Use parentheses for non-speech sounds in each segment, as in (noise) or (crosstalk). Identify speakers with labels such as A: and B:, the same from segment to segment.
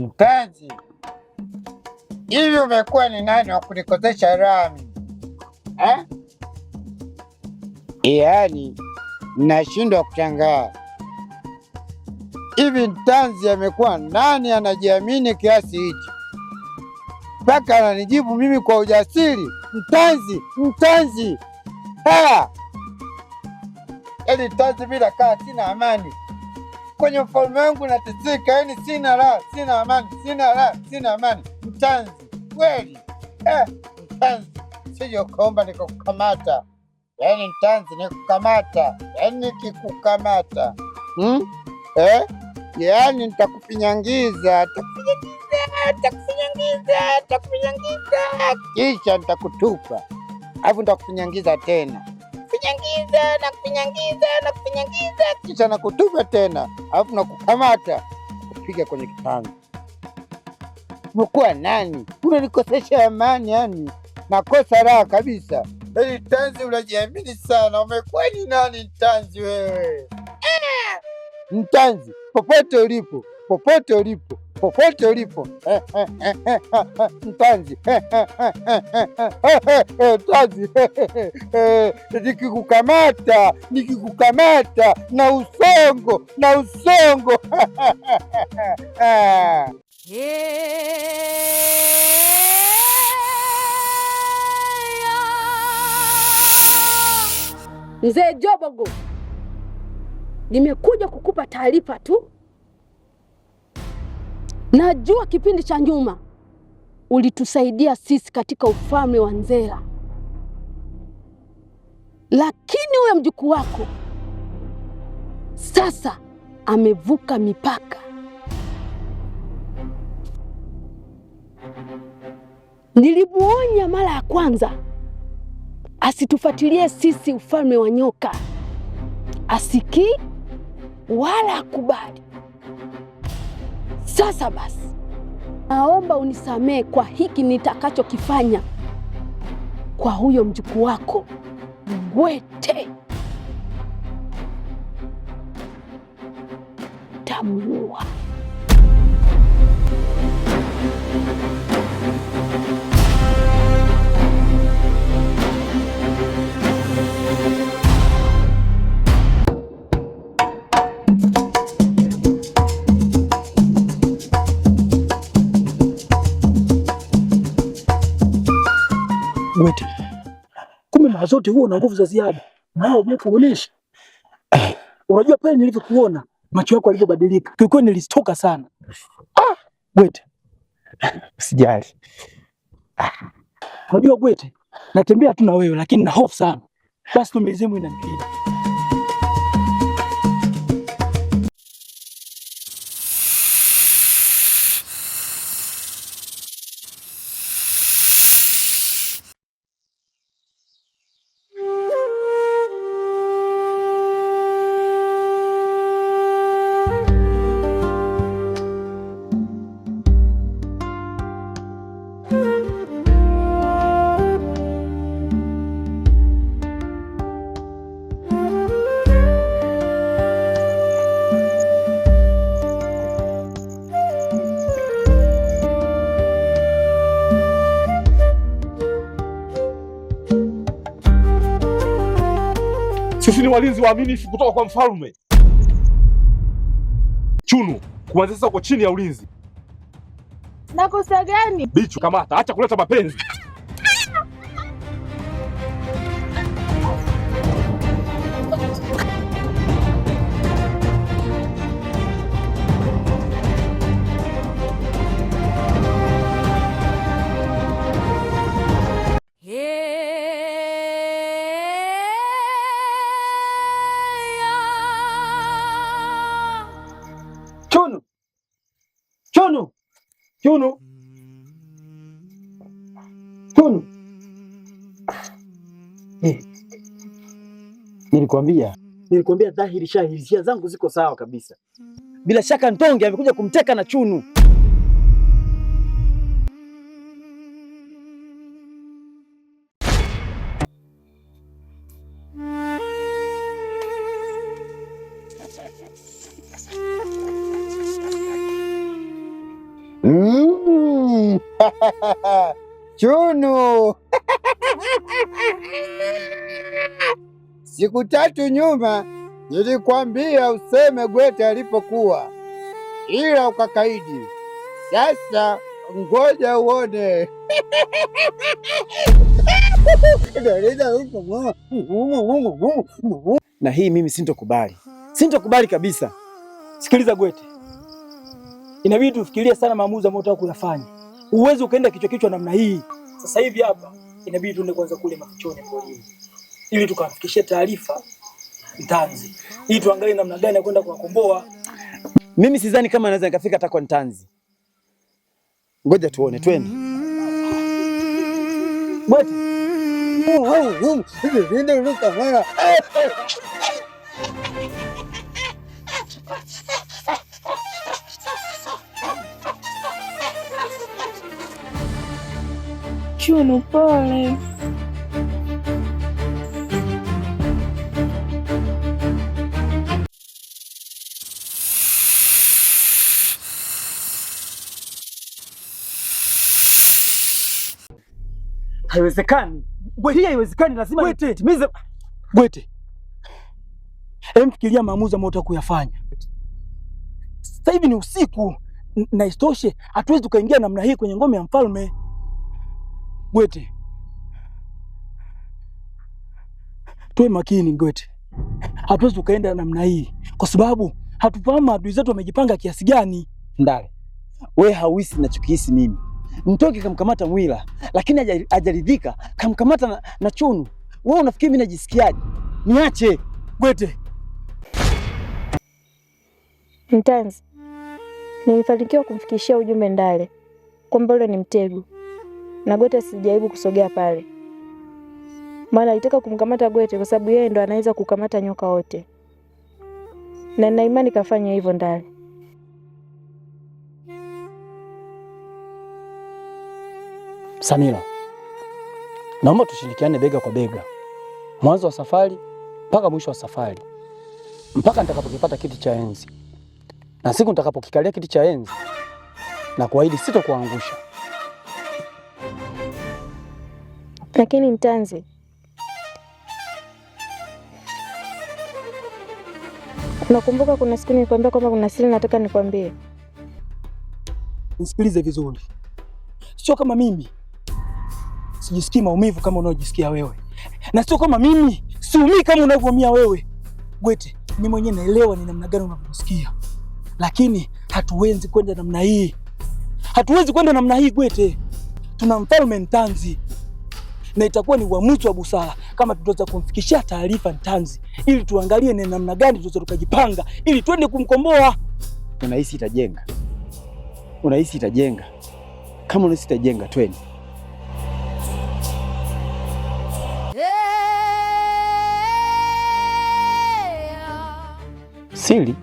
A: Mpenzi, hivi umekuwa ni nani wa kunikosesha raha eh? Yaani nashindwa kushangaa, hivi mtanzi amekuwa nani anajiamini kiasi hichi mpaka ananijibu mimi kwa ujasiri mtanzi, mtanzi. Haya, yaani mtanzi bila kaa sina amani kwenye ufalme wangu nateseka, yani sina raha, sina amani, sina raha, sina amani. Mtanzi kweli eh, mtanzi sije kaomba nikakukamata, yani mtanzi nikukamata, yani nikikukamata hmm? eh? yani takupinyangiza takupinyangiza takupinyangiza, kisha nitakutupa, alafu nitakupinyangiza tena kupinyangiza na kupinyangiza na kupinyangiza, kisha nakutupa tena, alafu na kukamata kupiga kwenye kitanda. Umekuwa nani? Unanikosesha amani, yani nakosa raha kabisa. Hey, yaani tanzi, unajiamini sana. Umekuwa ni nani mtanzi wewe? Eh! Mtanzi popote ulipo, popote ulipo popote ulipo mtanzi mtanzi, nikikukamata nikikukamata na usongo na usongo
B: Mzee Jobogo, nimekuja kukupa taarifa tu Najua kipindi cha nyuma ulitusaidia sisi katika ufalme wa Nzera, lakini huyo mjukuu wako sasa amevuka mipaka. Nilimuonya mara ya kwanza asitufuatilie sisi ufalme wa nyoka, asikii wala akubali. Sasa basi, naomba unisamehe kwa hiki nitakachokifanya kwa huyo mjukuu wako mgwete Tamuua.
C: zote huwa na nguvu za ziada, nao umekuonesha. Unajua pale nilivyokuona macho yako yalivyobadilika, kilikuwa nilistoka sana. Ah, Gwete usijali. Unajua Gwete, natembea tu na wewe lakini na hofu sana, basi tu mizimu inanipiga.
D: Sisi ni walinzi waaminifu kutoka kwa mfalme. Chunu, kuanzia sasa uko chini ya ulinzi.
B: Nakosa gani?
D: Bichu, kamata, acha kuleta mapenzi. Chunu, Chunu, nilikwambia
C: nilikwambia dhahiri shahiri, hisia zangu ziko sawa kabisa. Bila shaka Ntonge amekuja kumteka na Chunu.
A: Chunu (laughs) (laughs) siku tatu nyuma nilikwambia useme Gwete alipokuwa, ila ukakaidi. Sasa ngoja uone. (laughs)
C: Na hii mimi sintokubali, sintokubali kabisa. Sikiliza Gwete, inabidi tufikirie sana maamuzi ambayo tunataka kuyafanya. Uwezi ukaenda kichwa kichwa namna hii. Sasa hivi hapa inabidi tuende kwanza kule mafichoni porini, ili tukamfikishie taarifa Ntanzi, ili tuangalie namna gani ya kwenda kuwakomboa. Mimi sidhani kama naweza nikafika hata kwa Ntanzi. Ngoja tuone, twende
B: Shunu, pole.
C: Haiwezekani hii, haiwezekani, lazima Gwete timize. Gwete, emfikiria maamuzi ambayo utaka kuyafanya sasa hivi. Ni usiku na isitoshe, hatuwezi tukaingia namna hii kwenye ngome ya mfalme. Gwete, tuwe makini Gwete, hatuwezi tukaenda namna hii, kwa sababu hatufahamu adui zetu wamejipanga kiasi gani. Ndale, we hauhisi ninachokihisi mimi. Mtoke kamkamata Mwila, lakini hajaridhika, kamkamata na, na Chunu. Wewe unafikiri mimi najisikiaje? Niache Gwete.
B: Mtanzi, nilifanikiwa kumfikishia ujumbe Ndale kwamba ule ni mtego na gwete sijaribu kusogea pale, maana alitaka kumkamata gwete kwa sababu yeye ndo anaweza kukamata nyoka wote, na nina imani kafanya hivyo ndani
C: Samira, naomba tushirikiane bega kwa bega, mwanzo wa safari mpaka mwisho wa safari, mpaka nitakapokipata kiti cha enzi. Na siku nitakapokikalia kiti cha enzi, na kuahidi sitokuangusha.
B: Lakini mtanzi, nakumbuka kuna siku nilikwambia kwamba kuna siri nataka nikwambie.
C: Nisikilize vizuri, sio kama mimi sijisikii maumivu kama unaojisikia wewe, na sio kama mimi siumii kama unavyoumia wewe. Gwete, mimi mwenyewe naelewa ni namna gani unavyosikia, lakini hatuwezi kwenda namna hii, hatuwezi kwenda namna hii Gwete. Tuna mfalme Mtanzi na itakuwa ni uamuzi wa busara kama tutaweza kumfikishia taarifa Ntanzi ili tuangalie ni namna gani tutaweza tukajipanga ili twende kumkomboa. Unahisi itajenga? Unahisi itajenga? Kama unahisi itajenga, twende. sili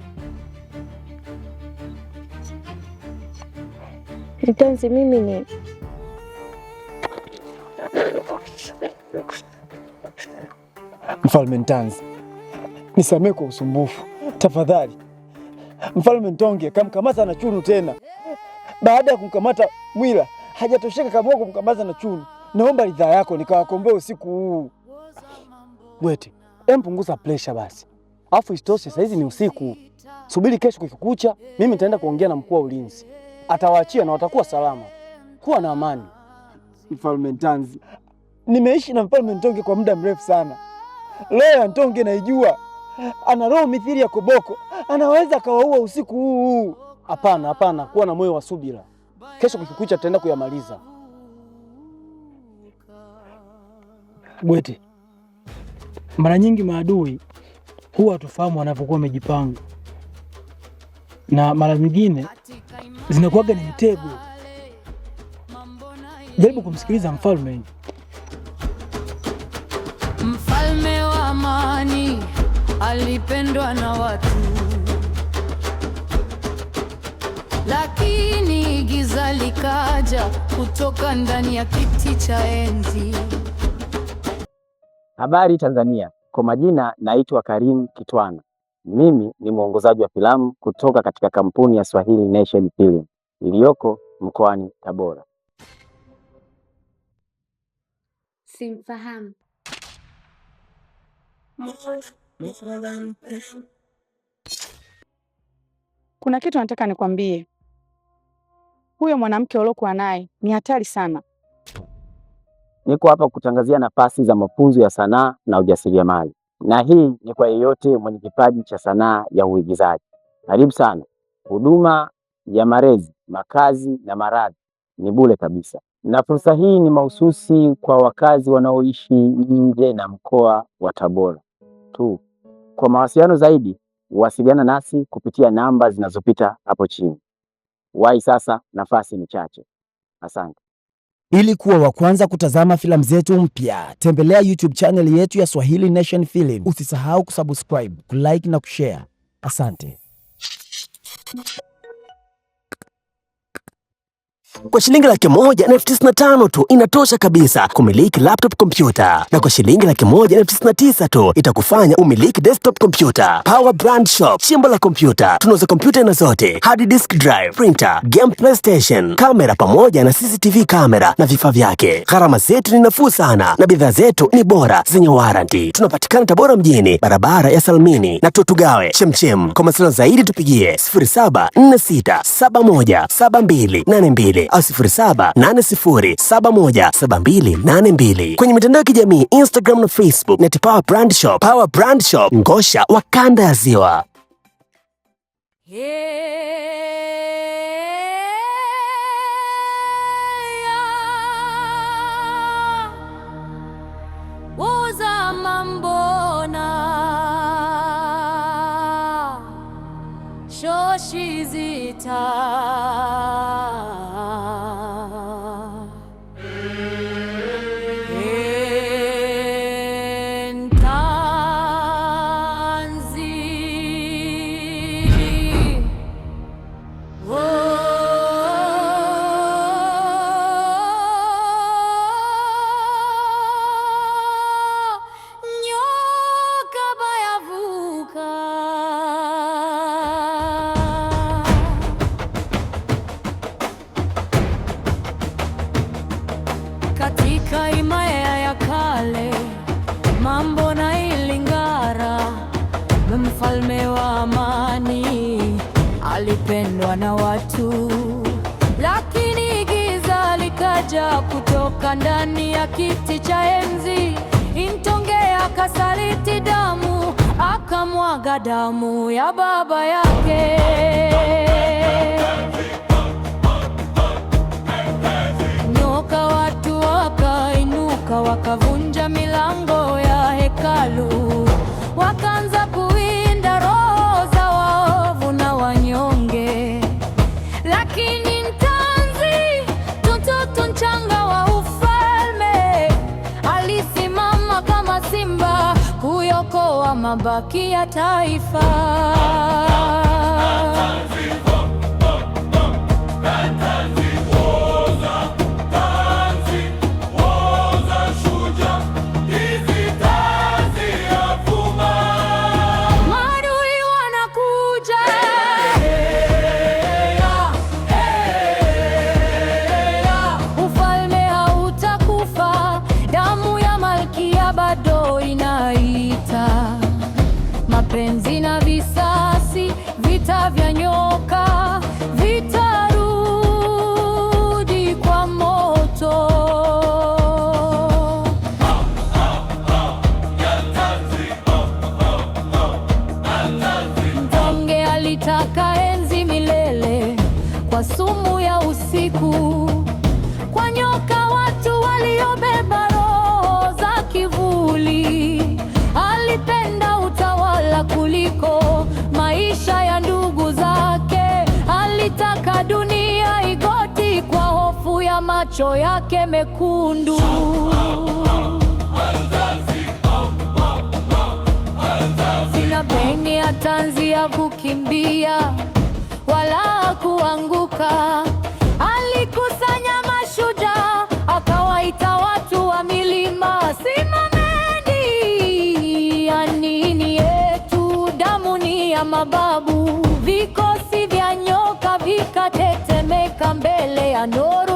B: Ntanzi, mimi ni
C: Mfalme Ntanzi, nisamee kwa usumbufu tafadhali. Mfalme Ntonge kamkamata na chunu tena. Baada ya kumkamata Mwila hajatosheka kama kumkamata na chunu. Naomba ridhaa yako nikawakombee usiku huu. Bwete, empunguza presha basi, afu isitoshe hizi ni usiku. Subiri kesho kukikucha, mimi nitaenda kuongea na mkuu wa ulinzi, atawaachia na watakuwa salama. Kuwa na amani. Mfalme Ntanzi, nimeishi na Mfalme Ntonge kwa muda mrefu sana. Lea Ntonge naijua ana roho mithili ya koboko, anaweza akawaua usiku huu. Hapana, hapana, kuwa na moyo wa subira. Kesho kukikucha tutaenda kuyamaliza. Bwete, mara nyingi maadui huwa tufahamu wanavyokuwa wamejipanga, na mara nyingine zinakuwaga ni mtego. Jaribu kumsikiliza mfalme. Mfalme zamani alipendwa na watu,
E: lakini giza likaja kutoka ndani ya kiti cha enzi. Habari Tanzania, kwa majina naitwa Karim Kitwana. Mimi ni mwongozaji wa filamu kutoka katika kampuni ya Swahili Nation Film iliyoko mkoani Tabora.
B: Simfahamu.
F: Kuna kitu nataka nikwambie. Huyo mwanamke uliokuwa naye ni hatari sana.
E: Niko hapa kutangazia nafasi za mafunzo ya sanaa na ujasiriamali, na hii ni kwa yeyote mwenye kipaji cha sanaa ya uigizaji. Karibu sana. Huduma ya malezi, makazi na maradhi ni bure kabisa, na fursa hii ni mahususi kwa wakazi wanaoishi nje na mkoa wa Tabora tu. Kwa mawasiliano zaidi, wasiliana nasi kupitia namba zinazopita hapo chini. Wai sasa, nafasi ni chache. Asante.
G: Ili kuwa wa kwanza kutazama filamu zetu mpya, tembelea YouTube channel yetu ya Swahili Nation Film. Usisahau kusubscribe, kulike na kushare. Asante.
H: Kwa shilingi laki moja na elfu tisini na tano tu inatosha kabisa kumiliki laptop kompyuta, na kwa shilingi laki moja na elfu tisini na tisa tu itakufanya umiliki desktop kompyuta. Power Brand Shop, shimbo la kompyuta. Tunauza kompyuta na zote, hard disk drive, printer, game playstation, kamera pamoja na CCTV kamera na vifaa vyake. Gharama zetu ni nafuu sana na bidhaa zetu ni bora zenye waranti. Tunapatikana Tabora mjini, barabara ya Salmini na Tutugawe Chemchem. Kwa masuala zaidi tupigie 0746717282 au sifuri Kwenye mitandao ya kijamii Instagram na Facebook neti Power Brand Shop, Power Brand Shop, ngosha wa kanda ya Ziwa. Shoshi zita
I: katika ya kale, mambo na Ilingara, mfalme wa amani, alipendwa na watu, lakini giza likaja kutoka ndani ya kiti cha enzi. Intongea akasaliti damu, akamwaga damu ya baba yake. mabaki ya taifa. macho yake mekundu. Sina bendi ya tanzi ya kukimbia wala kuanguka. Alikusanya mashujaa akawaita watu wa milima. Simameni, ya nini yetu? Damu ni ya mababu. Vikosi vya nyoka vikatetemeka mbele ya nuru